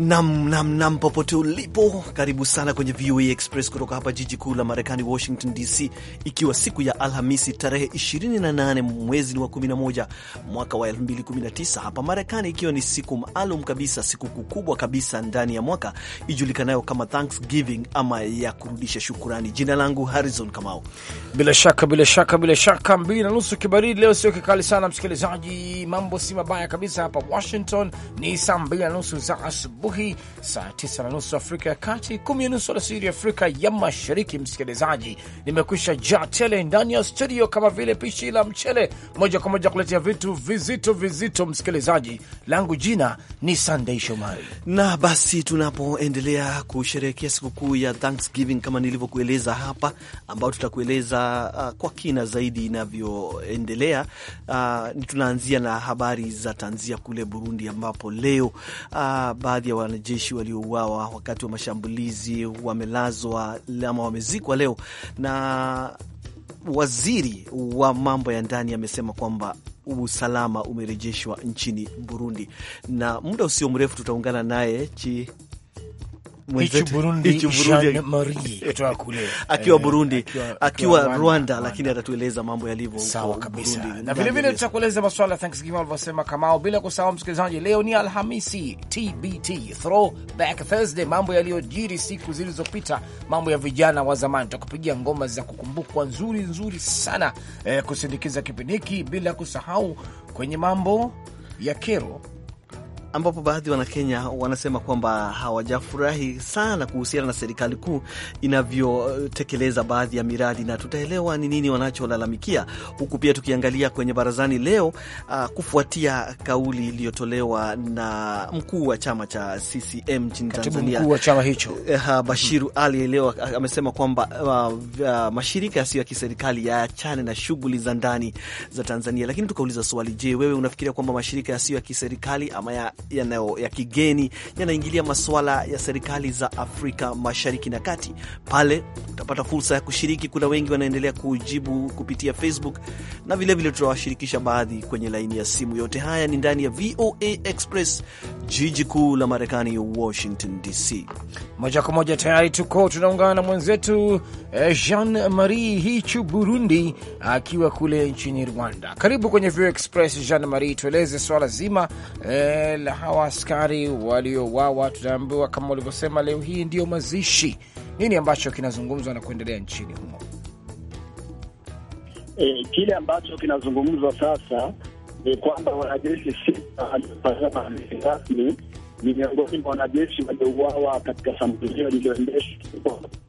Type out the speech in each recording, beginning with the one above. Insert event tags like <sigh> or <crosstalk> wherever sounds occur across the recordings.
Nam, nam, nam, popote ulipo, karibu sana kwenye VOA Express kutoka hapa jiji kuu la Marekani, Washington DC, ikiwa siku ya Alhamisi tarehe 28 mwezi wa 11 mwaka wa 2019 hapa Marekani, ikiwa ni siku maalum kabisa, siku kubwa kabisa ndani ya mwaka ijulikanayo kama Thanksgiving ama ya kurudisha shukurani. Jina langu Harrison Kamau. Bila shaka, bila shaka, bila shaka, mbili na nusu kibaridi leo, sio kikali sana msikilizaji, mambo si mabaya kabisa hapa Washington, ni saa mbili na nusu za asubuhi asubuhi, saa tisa na nusu Afrika ya Kati, kumi na nusu alasiri Afrika ya Mashariki. Msikilizaji, nimekwisha jaa tele ndani ya studio kama vile pishi la mchele, moja kwa moja kuletea vitu vizito vizito. Msikilizaji langu jina ni Sunday Shomari, na basi tunapoendelea kusherehekea sikukuu ya Thanksgiving kama nilivyokueleza hapa, ambao tutakueleza uh, kwa kina zaidi inavyoendelea. Uh, tunaanzia na habari za tanzia kule Burundi, ambapo leo uh, baadhi ya wanajeshi waliouawa wakati wa mashambulizi wamelazwa ama wamezikwa leo, na waziri wa mambo ya ndani amesema kwamba usalama umerejeshwa nchini Burundi, na muda usio mrefu tutaungana naye chi <laughs> akiwa eh, Burundi, akiwa Rwanda, lakini atatueleza mambo yalivyo huko kabisa. Na vilevile tutakueleza masuala ya Thanksgiving alivyosema Kamao, bila kusahau msikilizaji, leo ni Alhamisi, TBT, Throwback Thursday, mambo yaliyojiri siku zilizopita, mambo ya vijana wa zamani. Tutakupigia ngoma za kukumbukwa nzuri nzuri sana eh, kusindikiza kipindi hiki, bila kusahau kwenye mambo ya kero ambapo baadhi Wanakenya wanasema kwamba hawajafurahi sana kuhusiana na serikali kuu inavyotekeleza baadhi ya miradi, na tutaelewa ni nini wanacholalamikia, huku pia tukiangalia kwenye barazani leo uh, kufuatia kauli iliyotolewa na mkuu wa chama cha CCM nchini Tanzania, mkuu wa chama hicho uh, Bashiru mm-hmm. Ali leo amesema kwamba uh, uh, mashirika yasiyo ya kiserikali yaachane na shughuli za ndani za Tanzania. Lakini tukauliza swali, je, wewe unafikiria kwamba mashirika yasiyo ya kiserikali ama ya yanayo ya kigeni yanaingilia masuala ya serikali za Afrika Mashariki na Kati. Pale utapata fursa ya kushiriki. Kuna wengi wanaendelea kujibu kupitia Facebook na vilevile tutawashirikisha baadhi kwenye laini ya simu. Yote haya ni ndani ya VOA Express, jiji kuu la Marekani, Washington DC. Moja kwa moja tayari tuko tunaungana na mwenzetu eh, Jean Marie Hichu Burundi akiwa kule nchini Rwanda. Karibu kwenye VOA Express, Jean Marie, tueleze swala zima eh, la hawa askari waliowawa, tunaambiwa kama walivyosema, leo hii ndiyo mazishi. Nini ambacho kinazungumzwa na kuendelea nchini humo? E, kile ambacho kinazungumzwa sasa ni kwamba wanajeshi sita waliofanyia mazishi rasmi ni miongoni mwa wanajeshi waliouawa katika shambulio lililoendeshwa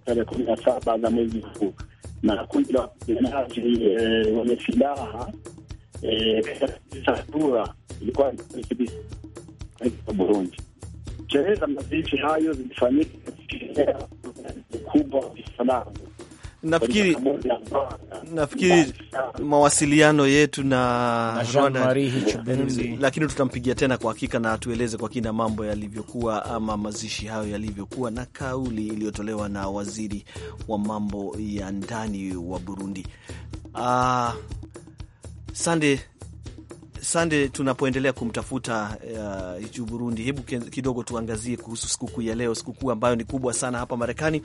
tarehe kumi na saba za mwezi huu na kundi la wapiganaji e, wenye silaha e, katika dura ilikuwa Burundi. Sherehe za mazishi hayo zilifanyika Nafikiri, nafikiri mawasiliano yetu na Rwanda, mm, lakini tutampigia tena kwa hakika na atueleze kwa kina mambo yalivyokuwa ama mazishi hayo yalivyokuwa na kauli iliyotolewa na waziri wa mambo ya ndani wa Burundi. Uh, Sande Sande, tunapoendelea kumtafuta uh, Burundi, hebu kidogo tuangazie kuhusu sikukuu ya leo, sikukuu ambayo ni kubwa sana hapa Marekani.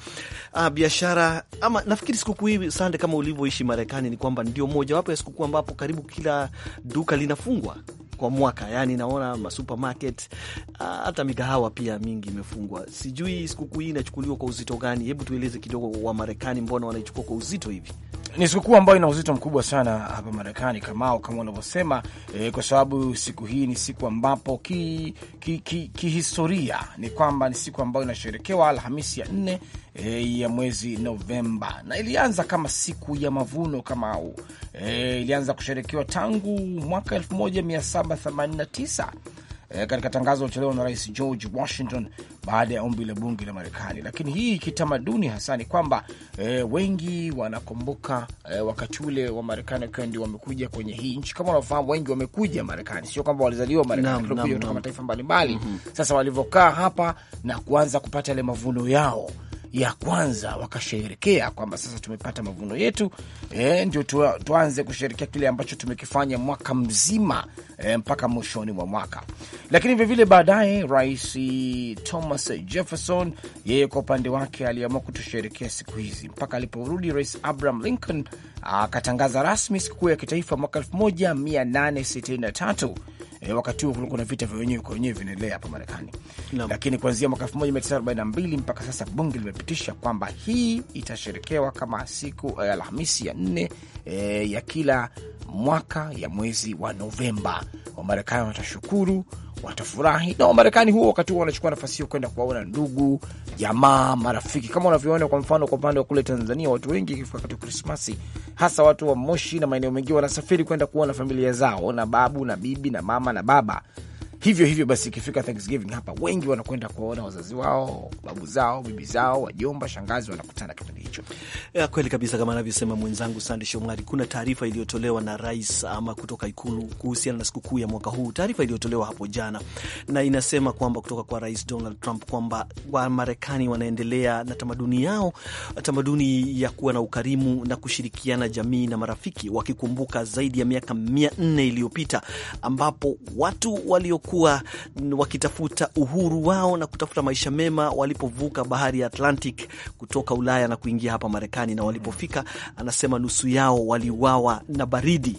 Uh, biashara ama nafikiri sikukuu hii Sande, kama ulivyoishi Marekani, ni kwamba ndio mojawapo ya sikukuu ambapo karibu kila duka linafungwa kwa mwaka, yani naona masupermarket ah, hata migahawa pia mingi imefungwa. Sijui sikukuu hii inachukuliwa kwa uzito gani? Hebu tueleze kidogo, wa Marekani mbona wanaichukua kwa uzito hivi? Ni sikukuu ambayo ina uzito mkubwa sana hapa Marekani kamao kama unavyosema e, kwa sababu siku hii ni siku ambapo kihistoria ki, ki, ki ni kwamba ni siku ambayo inasherekewa Alhamisi ya nne e, ya mwezi Novemba, na ilianza kama siku ya mavuno kama au e, ilianza kusherekewa tangu mwaka 1789 e, eh, katika tangazo lilotolewa na Rais George Washington baada ya ombi la bunge la Marekani. Lakini hii kitamaduni hasa ni kwamba e, wengi wanakumbuka e, wakati ule wa Marekani wakiwa ndio wamekuja kwenye hii nchi. Kama unafahamu, wengi wamekuja Marekani, sio kwamba walizaliwa Marekani, kutoka mataifa mbalimbali. mm -hmm. Sasa walivyokaa hapa na kuanza kupata yale mavuno yao ya kwanza wakasherekea kwamba sasa tumepata mavuno yetu e, ndio tuanze kusherekea kile ambacho tumekifanya mwaka mzima e, mpaka mwishoni mwa mwaka. Lakini vilevile baadaye Rais Thomas Jefferson yeye kwa upande wake aliamua kutusherekea siku hizi mpaka aliporudi Rais Abraham Lincoln akatangaza rasmi sikukuu ya kitaifa mwaka 1863 e, wakati huo kulikuwa na vita vya wenyewe kwa wenyewe vinaendelea hapa Marekani no. Lakini kuanzia mwaka 1942 mpaka sasa bunge limepitisha kwamba hii itasherekewa kama siku eh, Alhamisi ya nne eh, ya kila mwaka ya mwezi wa Novemba. Wamarekani watashukuru watafurahi na Wamarekani huo wakati huo wanachukua nafasi hiyo kwenda kuwaona ndugu, jamaa, marafiki, kama unavyoona kwa mfano kwa upande wa kule Tanzania, watu wengi kifika wakati wa Krismasi, hasa watu wa Moshi na maeneo mengine wanasafiri kwenda kuona familia zao na babu na bibi na mama na baba hivyo hivyo basi, ikifika Thanksgiving hapa wengi wanakwenda kuwaona wazazi wao, babu zao, bibi zao, wajomba, shangazi, wanakutana kipindi hicho. Ya Kweli kabisa, kama anavyosema mwenzangu Sande Shomari, kuna taarifa iliyotolewa na rais ama kutoka Ikulu kuhusiana na sikukuu ya mwaka huu, taarifa iliyotolewa hapo jana, na inasema kwamba kutoka kwa Rais Donald Trump kwamba Wamarekani wanaendelea na tamaduni yao, tamaduni ya kuwa na ukarimu na kushirikiana jamii na marafiki, wakikumbuka zaidi ya miaka mia nne iliyopita ambapo watu waliokuwa walikuwa wakitafuta uhuru wao na kutafuta maisha mema walipovuka bahari ya Atlantic kutoka Ulaya na kuingia hapa Marekani, na walipofika, anasema nusu yao waliuawa na baridi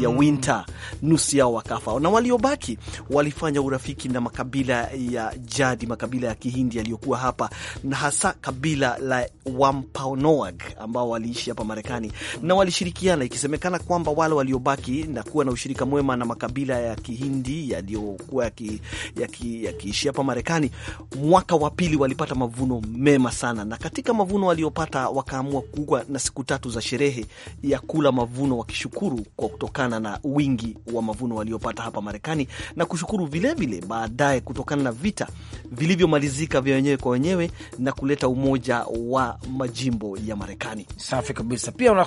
ya winter, nusu yao wakafa, na waliobaki walifanya urafiki na makabila ya jadi, makabila ya Kihindi yaliyokuwa hapa, na hasa kabila la Wampanoag ambao waliishi hapa Marekani na walishirikiana, ikisemekana kwamba wale waliobaki na kuwa na ushirika mwema na makabila ya Kihindi yaliyokuwa yakiishi yaki, yaki hapa Marekani, mwaka wa pili walipata mavuno mema sana, na katika mavuno waliopata wakaamua kuwa na siku tatu za sherehe ya kula mavuno wakishukuru kwa kutoka kutokana na wingi wa mavuno waliopata hapa Marekani na kushukuru vilevile baadaye kutokana na vita vilivyomalizika vya wenyewe kwa wenyewe na kuleta umoja wa majimbo ya Marekani. Safi kabisa. Pia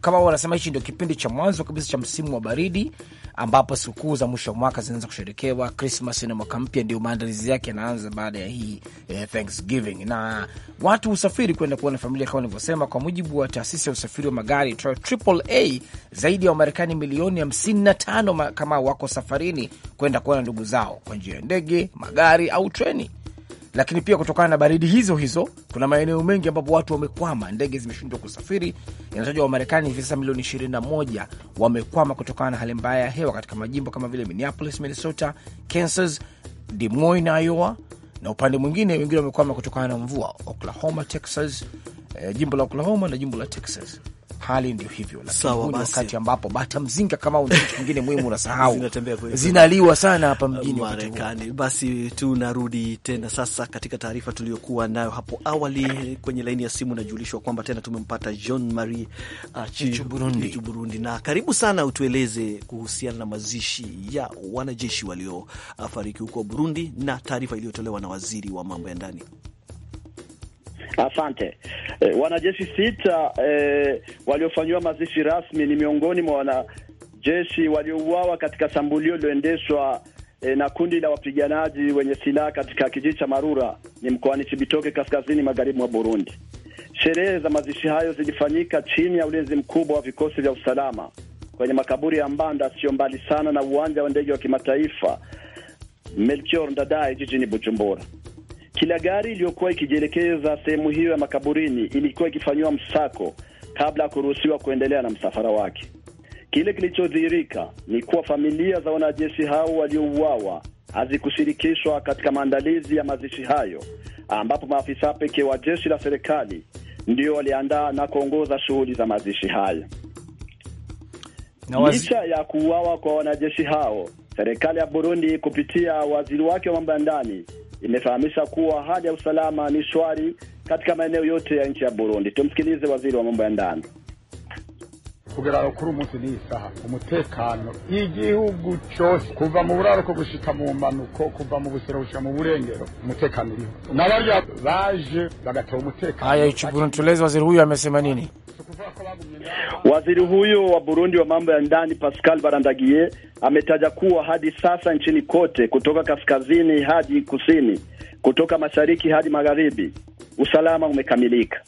kama wanasema hichi ndio kipindi cha mwanzo kabisa cha msimu wa baridi ambapo sikukuu za mwisho wa mwaka zinaanza kusherekewa, Krismas na mwaka mpya, ndio maandalizi yake yanaanza baada ya hii eh, Thanksgiving, na watu husafiri kwenda kuona familia kama ulivyosema. Kwa mujibu wa taasisi ya usafiri wa magari AAA, zaidi ya Wamarekani milioni 55 kama wako safarini kwenda kuona ndugu zao kwa njia ya ndege, magari au treni. Lakini pia kutokana na baridi hizo hizo, kuna maeneo mengi ambapo watu wamekwama, ndege zimeshindwa kusafiri. Inatajwa Wamarekani hivi sasa milioni 21 wamekwama kutokana na hali mbaya ya hewa katika majimbo kama vile Minneapolis, Minnesota, Kansas, Des Moines, Iowa, na upande mwingine wengine wamekwama kutokana na mvua Oklahoma, Texas, eh, jimbo la Oklahoma na jimbo la Texas. Hali ndio hivyo, lakini wakati ambapo bata mzinga kama una kitu kingine muhimu unasahau, <laughs> zinaliwa sana hapa mjini Marekani. Basi tunarudi tena sasa katika taarifa tuliyokuwa nayo hapo awali kwenye laini ya simu. Najulishwa kwamba tena tumempata Jean Marie uh, Burundi. Burundi, na karibu sana, utueleze kuhusiana na mazishi ya wanajeshi waliofariki huko Burundi na taarifa iliyotolewa na na waziri wa mambo ya ndani? Asante. E, wanajeshi sita e, waliofanyiwa mazishi rasmi ni miongoni mwa wanajeshi waliouawa katika shambulio lililoendeshwa e, na kundi la wapiganaji wenye silaha katika kijiji cha Marura ni mkoani Chibitoke kaskazini magharibi mwa Burundi. Sherehe za mazishi hayo zilifanyika chini ya ulinzi mkubwa wa vikosi vya usalama kwenye makaburi ya Mbanda, sio mbali sana na uwanja wa ndege wa kimataifa Melchior Ndadaye jijini Bujumbura. Kila gari iliyokuwa ikijielekeza sehemu hiyo ya makaburini ilikuwa ikifanyiwa msako kabla ya kuruhusiwa kuendelea na msafara wake. Kile kilichodhihirika ni kuwa familia za wanajeshi hao waliouawa hazikushirikishwa katika maandalizi ya mazishi hayo, ambapo maafisa pekee wa jeshi la serikali ndio waliandaa na kuongoza shughuli za mazishi hayo. Licha ya kuuawa kwa wanajeshi hao Serikali ya Burundi kupitia waziri wake wa mambo ya ndani imefahamisha kuwa hali ya usalama ni shwari katika maeneo yote ya nchi ya Burundi. Tumsikilize waziri wa mambo ya ndani. kugeraho kuri umunsi saha umutekano igihugu cyose kuva mu buraruko gushika mu manuko kuva mu busero gushika mu burengero umutekano uriho na barya baje bagataha umutekano. Haya, ichi Burundi, tueleze waziri huyu amesema nini? Waziri huyo wa Burundi wa mambo ya ndani Pascal Barandagie ametaja kuwa hadi sasa nchini kote, kutoka kaskazini hadi kusini, kutoka mashariki hadi magharibi, usalama umekamilika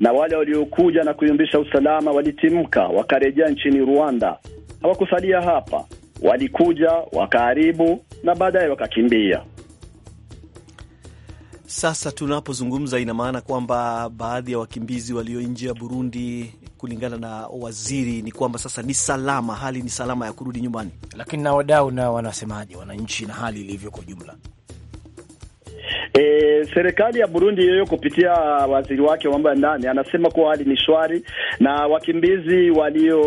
na wale waliokuja na kuyumbisha usalama walitimka wakarejea nchini Rwanda. Hawakusalia hapa, walikuja wakaharibu na baadaye wakakimbia. Sasa tunapozungumza, ina maana kwamba baadhi ya wakimbizi walio nje ya Burundi, kulingana na waziri, ni kwamba sasa ni salama, hali ni salama ya kurudi nyumbani. Lakini na wadau nao wanasemaje, wananchi na hali ilivyo kwa jumla? E, serikali ya Burundi yeye kupitia waziri wake wa mambo ya ndani anasema kuwa hali ni shwari na wakimbizi walio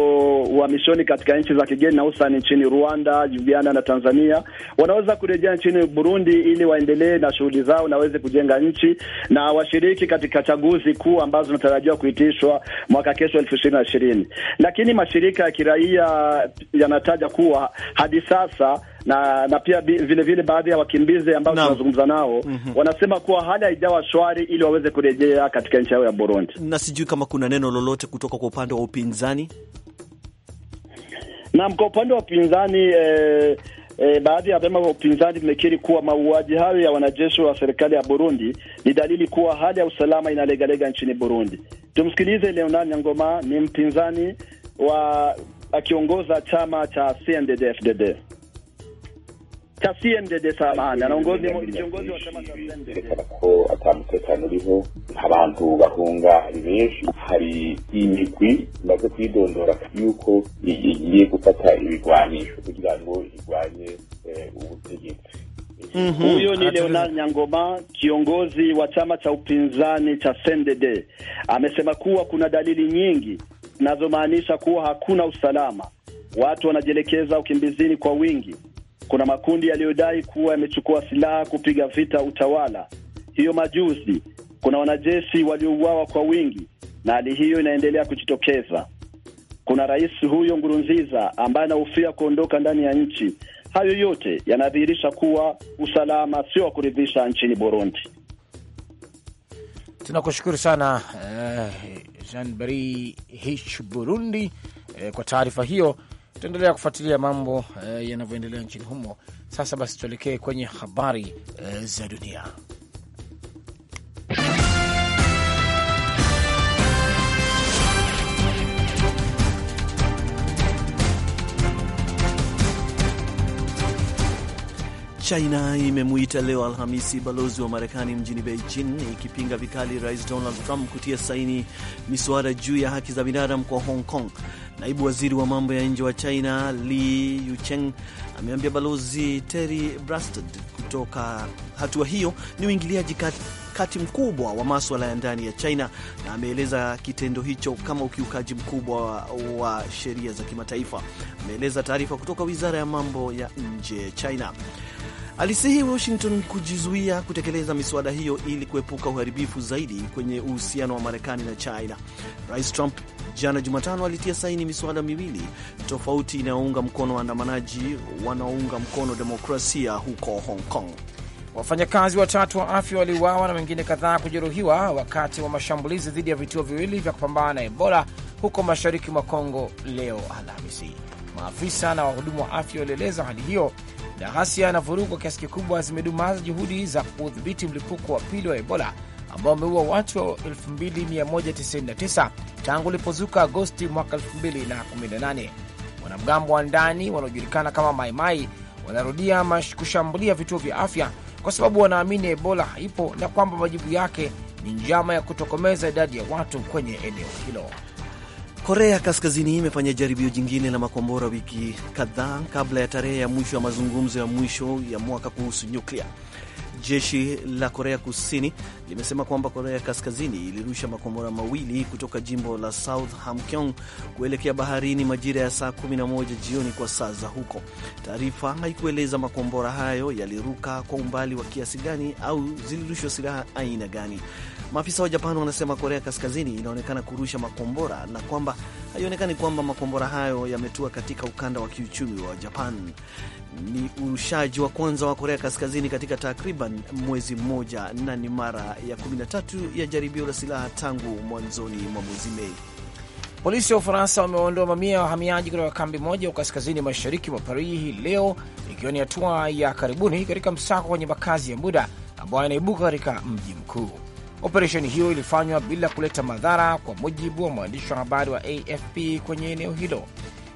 uhamishoni katika nchi za kigeni na usani nchini Rwanda, Uganda na Tanzania wanaweza kurejea nchini Burundi ili waendelee na shughuli zao na waweze kujenga nchi na washiriki katika chaguzi kuu ambazo zinatarajiwa kuitishwa mwaka kesho elfu na ishirini, lakini mashirika ya kiraia yanataja kuwa hadi sasa na na pia vile vile baadhi ya wakimbizi ambao tunazungumza nao mm -hmm. wanasema kuwa hali haijawa shwari ili waweze kurejea katika nchi yao ya Burundi. Na sijui kama kuna neno lolote kutoka kwa upande wa upinzani. Naam, kwa upande wa upinzani eh, E, baadhi ya vyama vya upinzani vimekiri kuwa mauaji hayo ya wanajeshi wa serikali ya Burundi ni dalili kuwa hali ya usalama inalegalega nchini Burundi. Tumsikilize Leonard Nyangoma, ni mpinzani wa akiongoza chama cha CNDD-FDD tasiyendede sana narongozi mujongozi wa tamata sendede ko atamutekano uriho abantu bahunga ari benshi hari imigwi imaze kwidondora yuko igiye gufata ibigwanisho kugira ngo igwanye eh, ubutegetsi Huyo mhm. ni Leonard Nyangoma, kiongozi wa chama cha upinzani cha CNDD, amesema kuwa kuna dalili nyingi zinazomaanisha kuwa hakuna usalama, watu wanajielekeza ukimbizini kwa wingi kuna makundi yaliyodai kuwa yamechukua silaha kupiga vita utawala. Hiyo majuzi kuna wanajeshi waliouawa kwa wingi, na hali hiyo inaendelea kujitokeza. Kuna rais huyo Ngurunziza ambaye anahofia kuondoka ndani ya nchi. Hayo yote yanadhihirisha kuwa usalama sio wa kuridhisha nchini Burundi. Tunakushukuru sana uh, eh, Jean Bari hich Burundi uh, eh, kwa taarifa hiyo tutaendelea kufuatilia mambo eh, yanavyoendelea nchini humo. Sasa basi tuelekee kwenye habari eh, za dunia. China imemuita leo Alhamisi balozi wa Marekani mjini Beijing ikipinga vikali Rais Donald Trump kutia saini miswada juu ya haki za binadamu kwa Hong Kong. Naibu waziri wa mambo ya nje wa China Li Yucheng ameambia balozi Terry Brasted kutoka hatua hiyo ni uingiliaji kati mkubwa wa maswala ya ndani ya China, na ameeleza kitendo hicho kama ukiukaji mkubwa wa sheria za kimataifa, ameeleza taarifa kutoka wizara ya mambo ya nje China alisihi Washington kujizuia kutekeleza miswada hiyo ili kuepuka uharibifu zaidi kwenye uhusiano wa Marekani na China. Rais Trump jana Jumatano alitia saini miswada miwili tofauti inayounga mkono waandamanaji wanaounga mkono demokrasia huko Hong Kong. Wafanyakazi watatu wa afya waliuawa na wengine kadhaa kujeruhiwa wakati wa mashambulizi dhidi ya vituo viwili vya kupambana na Ebola huko mashariki mwa Kongo leo Alhamisi. Maafisa na wahudumu wa afya walieleza hali hiyo na ghasia na vurugu kwa kiasi kikubwa zimedumaza juhudi za kudhibiti mlipuko wa pili wa Ebola ambao wameua watu 2199 tangu ulipozuka Agosti mwaka 2018. Wanamgambo wa ndani wanaojulikana kama Maimai wanarudia kushambulia vituo vya afya kwa sababu wanaamini Ebola haipo na kwamba majibu yake ni njama ya kutokomeza idadi ya watu kwenye eneo hilo. Korea Kaskazini imefanya jaribio jingine la makombora wiki kadhaa kabla ya tarehe ya mwisho ya mazungumzo ya mwisho ya mwaka kuhusu nyuklia. Jeshi la Korea Kusini limesema kwamba Korea Kaskazini ilirusha makombora mawili kutoka jimbo la South Hamgyong kuelekea baharini majira ya saa 11 jioni kwa saa za huko. Taarifa haikueleza makombora hayo yaliruka kwa umbali wa kiasi gani au zilirushwa silaha aina gani. Maafisa wa Japan wanasema Korea Kaskazini inaonekana kurusha makombora na kwamba haionekani kwamba makombora hayo yametua katika ukanda wa kiuchumi wa Japan. Ni urushaji wa kwanza wa Korea Kaskazini katika takriban mwezi mmoja na ni mara ya 13 ya jaribio la silaha tangu mwanzoni mwa mwezi Mei. Polisi wa Ufaransa wameondoa mamia ya wahamiaji kutoka kambi moja wa kaskazini mashariki mwa Paris hii leo, ikiwa ni hatua ya karibuni katika msako kwenye makazi ya muda ambayo yanaibuka katika mji mkuu. Operesheni hiyo ilifanywa bila kuleta madhara, kwa mujibu wa mwandishi wa habari wa AFP kwenye eneo hilo.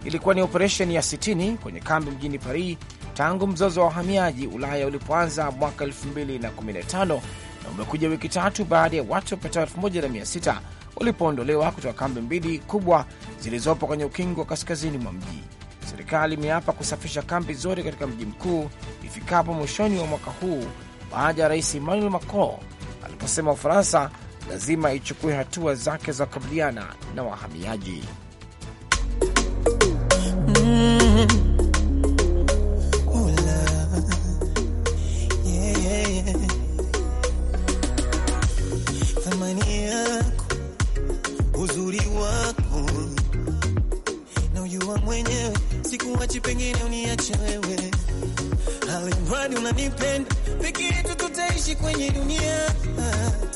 Ilikuwa ni operesheni ya 60 kwenye kambi mjini Paris tangu mzozo wa wahamiaji Ulaya ulipoanza mwaka 2015 na umekuja wiki tatu baada ya watu wapatao 1600 walipoondolewa kutoka kambi mbili kubwa zilizopo kwenye ukingo wa kaskazini mwa mji. Serikali imeapa kusafisha kambi zote katika mji mkuu ifikapo mwishoni wa mwaka huu baada ya rais Emmanuel Macron aliposema Ufaransa lazima ichukue hatua zake za kukabiliana na wahamiaji mm. kweli unanipenda, peke yetu tutaishi kwenye dunia,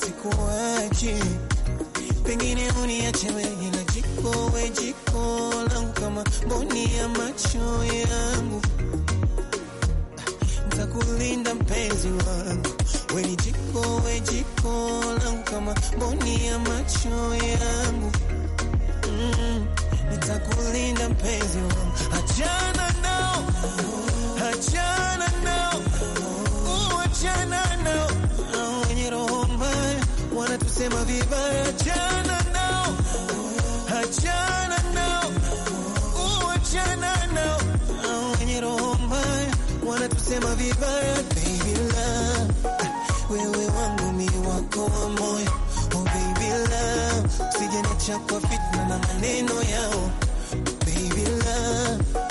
sikuwache pengine uniache wewe na jiko we jiko langu kama mboni ya macho yangu, nitakulinda mpenzi wangu, we ni jiko we jiko langu kama mboni ya macho yangu, mm, nitakulinda mpenzi wangu, achana nao, achana wanasema vibaya, achana nao, achana nao, uachana nao, hao wenye roho mbaya wanatusema vibaya. Baby love, wewe wangu mi wako wa moyo, oh baby love, usijaniacha kwa fitna na maneno yao, baby love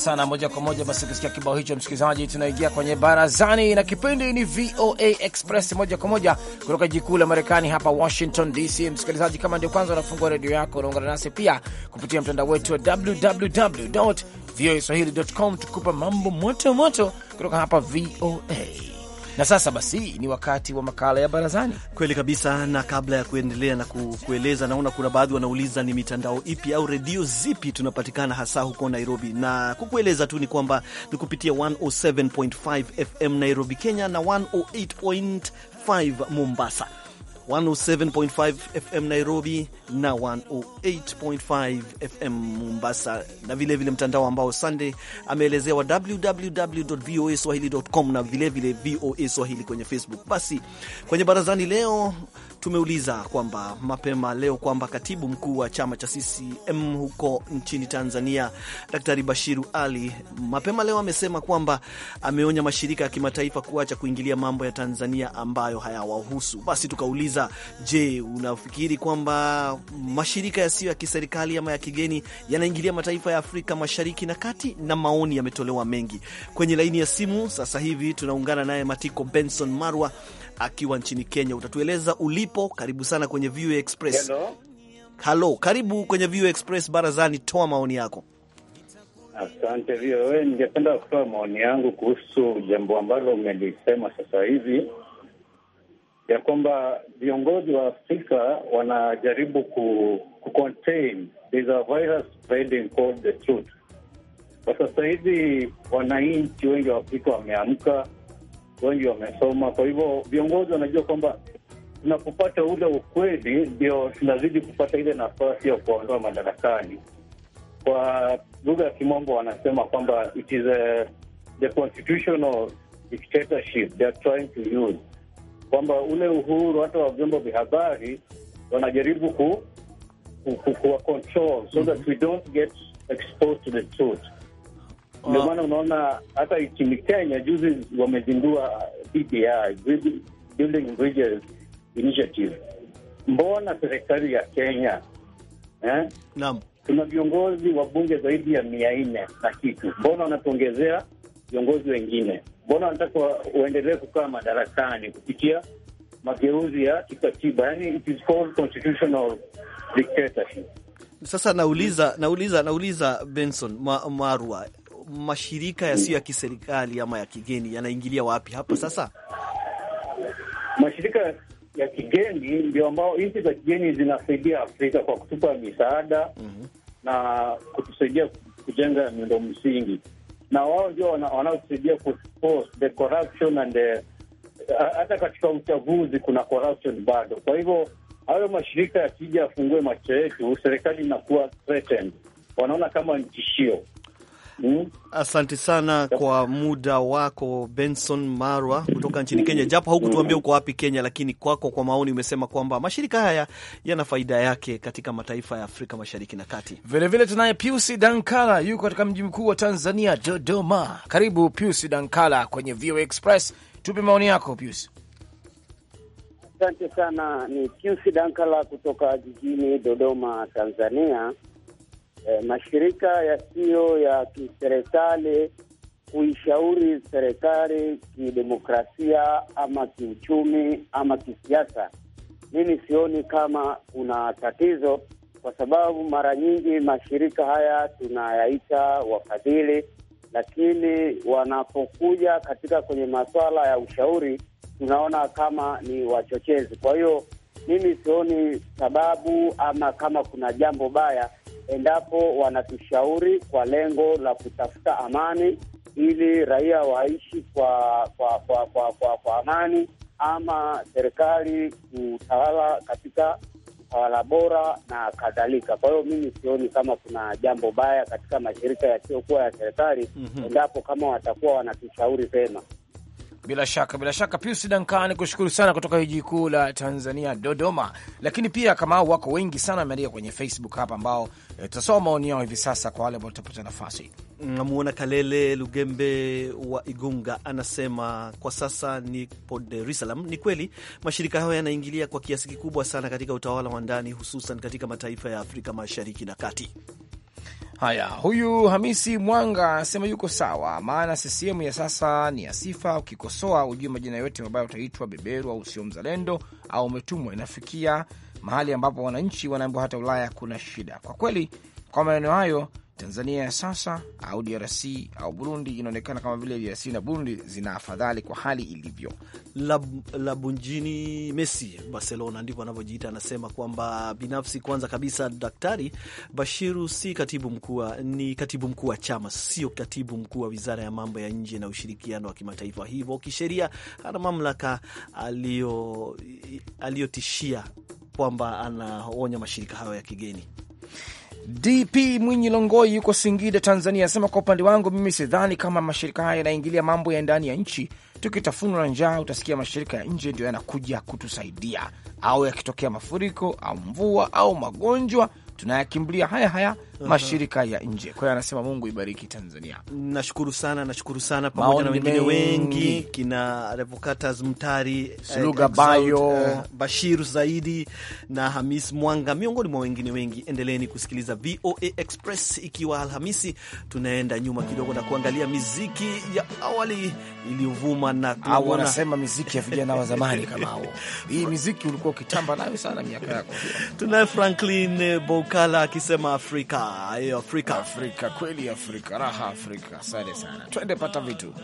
sana moja kwa moja. Basi kusikia kibao hicho, msikilizaji, tunaingia kwenye barazani na kipindi ni VOA Express moja kwa moja kutoka jikuu la Marekani hapa Washington DC. Msikilizaji, kama ndio kwanza unafungua redio yako, unaungana nasi pia kupitia mtandao wetu wa www voaswahili.com, tukupa mambo moto moto kutoka hapa VOA na sasa basi ni wakati wa makala ya barazani. Kweli kabisa, na kabla ya kuendelea na kueleza, naona kuna baadhi wanauliza ni mitandao ipi au redio zipi tunapatikana hasa huko Nairobi, na kukueleza tu ni kwamba ni kupitia 107.5 FM Nairobi, Kenya na 108.5 Mombasa 107.5 FM Nairobi na 108.5 FM Mombasa, na vilevile mtandao ambao Sunday voa wa www.voaswahili.com na vilevile VOA Swahili kwenye Facebook. Basi kwenye barazani leo tumeuliza kwamba mapema leo kwamba katibu mkuu wa chama cha CCM huko nchini Tanzania Daktari Bashiru Ali mapema leo amesema kwamba ameonya mashirika ya kimataifa kuacha kuingilia mambo ya Tanzania ambayo hayawahusu. Basi tukauliza, je, unafikiri kwamba mashirika yasiyo ya kiserikali ama ya kigeni yanaingilia mataifa ya Afrika Mashariki na Kati? Na maoni yametolewa mengi kwenye laini ya simu. Sasa hivi tunaungana naye Matiko Benson Marwa akiwa nchini Kenya. Utatueleza ulipo. Karibu sana kwenye VOA Express. Hello. Halo, karibu kwenye VOA Express barazani, toa maoni yako. Asante VOA. Ningependa kutoa maoni yangu kuhusu jambo ambalo umelisema sasa hivi ya kwamba viongozi wa Afrika wanajaribu ku, ku contain this virus spreading called the truth. Kwa sasa hivi wananchi wengi wa Afrika wameamka wengi wamesoma. Kwa hivyo viongozi wanajua kwamba tunapopata ule ukweli ndio tunazidi kupata ile nafasi ya kuondoa madarakani. Kwa lugha ya Kimombo wanasema kwamba it is a, the constitutional dictatorship they are trying to use, kwamba ule uhuru hata wa vyombo vya habari wanajaribu ku, ku, ku, kuwa control so that we don't get exposed to the truth. Ndio ah. maana unaona hata nchini Kenya juzi wamezindua BBI, Building Bridges Initiative. Mbona serikali ya Kenya eh? Naam, viongozi wa bunge zaidi ya mia nne na kitu, mbona wanatuongezea viongozi wengine? Mbona wanataka waendelee kukaa madarakani kupitia mageuzi ya kikatiba? Yani it is called constitutional dictatorship. Sasa nauliza nauliza nauliza Benson Marwa, mashirika yasiyo ya kiserikali ama ya kigeni yanaingilia wapi hapa sasa? Mashirika ya kigeni ndio ambao nchi za kigeni zinasaidia Afrika kwa kutupa misaada mm -hmm. na kutusaidia kujenga miundo msingi, na wao ndio wanaosaidia ku the corruption and the hata katika uchaguzi kuna corruption bado. Kwa hivyo hayo mashirika yakija afungue macho yetu, serikali inakuwa threatened, wanaona kama ni tishio. Mm. Asante sana kwa muda wako Benson Marwa kutoka nchini Kenya, japo haukutuambia uko wapi Kenya, lakini kwako kwa maoni umesema kwamba mashirika haya yana faida yake katika mataifa ya Afrika Mashariki na Kati. Vilevile tunaye Piusi Dankala, yuko katika mji mkuu wa Tanzania, Dodoma. Karibu Piusi Dankala kwenye VOA Express, tupe maoni yako Piusi. Asante sana, ni Piusi Dankala kutoka jijini Dodoma, Tanzania eh, mashirika yasiyo ya, ya kiserikali kuishauri serikali kidemokrasia ama kiuchumi ama kisiasa. Mimi sioni kama kuna tatizo, kwa sababu mara nyingi mashirika haya tunayaita wafadhili, lakini wanapokuja katika kwenye masuala ya ushauri tunaona kama ni wachochezi. Kwa hiyo mimi sioni sababu ama kama kuna jambo baya endapo wanatushauri kwa lengo la kutafuta amani ili raia waishi kwa kwa kwa kwa, kwa, kwa amani ama serikali kutawala katika utawala bora na kadhalika. Kwa hiyo mimi sioni kama kuna jambo baya katika mashirika yasiyokuwa ya serikali mm -hmm. endapo kama watakuwa wanatushauri vema bila shaka bila shaka, Pius Dankani, kushukuru sana kutoka jiji kuu la Tanzania, Dodoma. Lakini pia kama wako wengi sana wameandika kwenye Facebook hapa, ambao eh, tutasoma maoni yao hivi sasa kwa wale ambao tutapata nafasi. Namuona Kalele Lugembe wa Igunga anasema kwa sasa nipo Dar es Salaam. Ni kweli mashirika hayo yanaingilia kwa kiasi kikubwa sana katika utawala wa ndani, hususan katika mataifa ya Afrika Mashariki na Kati. Haya, huyu Hamisi Mwanga anasema yuko sawa, maana CCM ya sasa ni ya sifa. Ukikosoa ujue majina yote mabaya utaitwa beberu au sio mzalendo au umetumwa. Inafikia mahali ambapo wananchi wanaambiwa hata Ulaya kuna shida. Kwa kweli, kwa maeneo hayo Tanzania ya sasa au DRC au Burundi, inaonekana kama vile DRC na Burundi zina afadhali kwa hali ilivyo. Labunjini Messi Barcelona ndivyo anavyojiita, anasema kwamba binafsi, kwanza kabisa, Daktari Bashiru si katibu mkuu, ni katibu mkuu wa chama, sio katibu mkuu wa wizara ya mambo ya nje na ushirikiano wa kimataifa, hivyo kisheria ana mamlaka aliyotishia kwamba anaonya mashirika hayo ya kigeni. DP Mwinyi Longoi yuko Singida, Tanzania, anasema kwa upande wangu mimi sidhani kama mashirika haya yanaingilia mambo ya ndani ya nchi. Tukitafunwa na njaa, utasikia mashirika ya nje ndio yanakuja kutusaidia, au yakitokea mafuriko au mvua au magonjwa tunayakimbilia haya haya mashirika ya nje. Kwa hiyo anasema Mungu ibariki Tanzania. Nashukuru sana, nashukuru sana pamoja na wengine wengi kina Revocatus Mtari, Sluga eh, Bayo, eh, Bashir Zaidi na Hamis Mwanga miongoni mwa wengine wengi. Endeleeni kusikiliza VOA Express ikiwa Alhamisi tunaenda nyuma kidogo na kuangalia miziki ya awali iliyovuma na wanasema miziki ya vijana wa zamani kama hao. <laughs> Hii miziki ulikuwa ukitamba nayo sana miaka yako. Tunaye Franklin Bokala akisema Afrika hiyo Afrika, Afrika kweli, Afrika raha, Afrika. Asante sana, twende pata vitu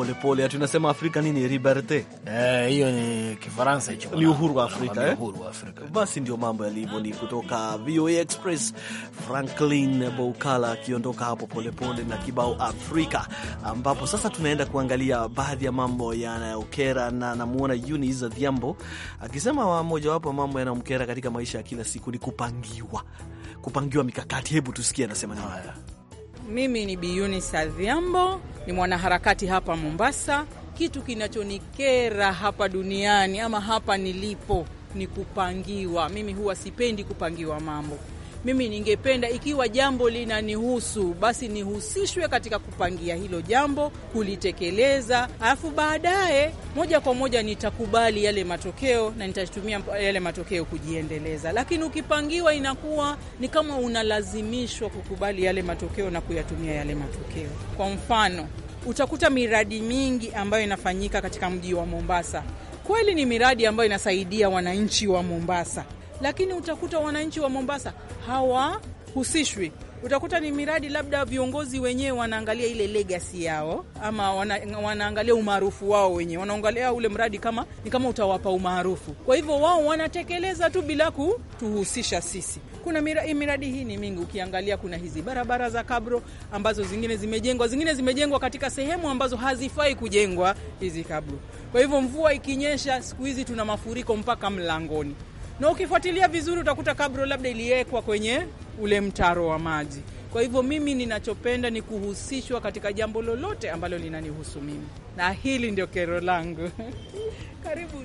polepole, ati unasema Afrika nini? Liberte eh, hiyo eh, ni Kifaransa hicho, ni uhuru wa Afrika eh? Uhuru wa Afrika. Basi ndio mambo yalivyo. Ni kutoka VOA Express, Franklin Boukala akiondoka hapo polepole na kibao Afrika, ambapo sasa tunaenda kuangalia baadhi ya mambo yanayokera, na namuona Eunice Adhiambo akisema mojawapo wa mambo yanayomkera katika maisha ya kila siku ni kupangiwa, kupangiwa mikakati. Hebu tusikie anasema nini. Haya, Mimi ni Biuni Sadhiambo, ni mwanaharakati hapa Mombasa. Kitu kinachonikera hapa duniani ama hapa nilipo ni kupangiwa. Mimi huwa sipendi kupangiwa mambo mimi ningependa ikiwa jambo linanihusu basi nihusishwe katika kupangia hilo jambo, kulitekeleza, alafu baadaye moja kwa moja nitakubali yale matokeo na nitatumia yale matokeo kujiendeleza. Lakini ukipangiwa, inakuwa ni kama unalazimishwa kukubali yale matokeo na kuyatumia yale matokeo. Kwa mfano, utakuta miradi mingi ambayo inafanyika katika mji wa Mombasa, kweli ni miradi ambayo inasaidia wananchi wa Mombasa lakini utakuta wananchi wa Mombasa hawahusishwi. Utakuta ni miradi labda viongozi wenyewe wanaangalia ile legacy yao, ama wana, wanaangalia umaarufu wao wenyewe, wanaangalia ule mradi kama ni kama utawapa umaarufu. Kwa hivyo wao wanatekeleza tu bila kutuhusisha sisi. Kuna miradi, miradi hii ni mingi. Ukiangalia kuna hizi barabara za kabro ambazo zingine zimejengwa, zingine zimejengwa katika sehemu ambazo hazifai kujengwa hizi kabro. Kwa hivyo mvua ikinyesha, siku hizi tuna mafuriko mpaka mlangoni na ukifuatilia vizuri utakuta kabro labda iliwekwa kwenye ule mtaro wa maji. Kwa hivyo mimi ninachopenda ni kuhusishwa katika jambo lolote ambalo linanihusu mimi, na hili ndio kero langu. <laughs> Karibu.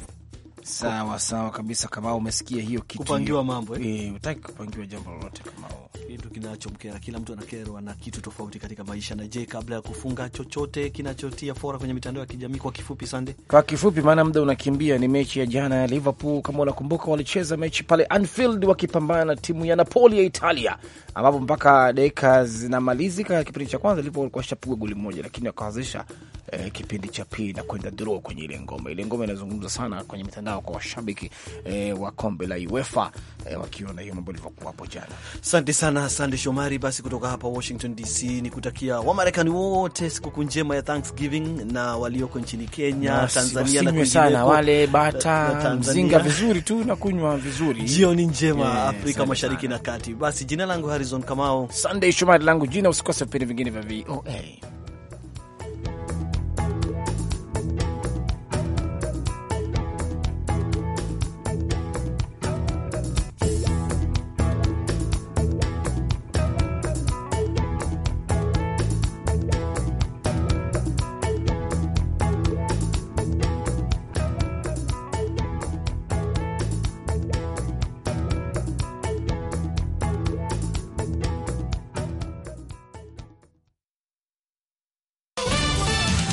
Sawa sawa kabisa, kama umesikia hiyo kitu, kupangiwa mambo eh, eh utaki kupangiwa jambo lolote kama kitu kinachomkera. Kila mtu anakerwa na kitu tofauti katika maisha. Na je, kabla ya kufunga, chochote kinachotia fora kwenye mitandao ya kijamii kwa kifupi, Sande? Kwa kifupi, maana muda unakimbia, ni mechi ya jana ya Liverpool. Kama unakumbuka, walicheza mechi pale Anfield wakipambana na timu ya Napoli ya Italia, ambapo mpaka dakika zinamalizika kipindi cha kwanza Liverpool walikuwa washapiga goli moja, lakini wakawazisha eh, kipindi cha pili na kwenda draw kwenye ile ngoma. Ile ngoma inazungumza sana kwenye mitandao yao kwa washabiki e, wa kombe la UEFA e, wakiona hiyo mambo ilivyokuwa hapo jana. Asante sana, asante Shomari. Basi kutoka hapa Washington DC ni kutakia Wamarekani wote sikukuu njema ya Thanksgiving na walioko nchini Kenya na Tanzania na kwingineko, wale bata mzinga vizuri tu na kunywa vizuri. Jioni njema yeah, Afrika Mashariki na Kati. Basi jina langu Harrison Kamau, Sunday Shomari langu jina. Usikose vipindi vingine vya VOA.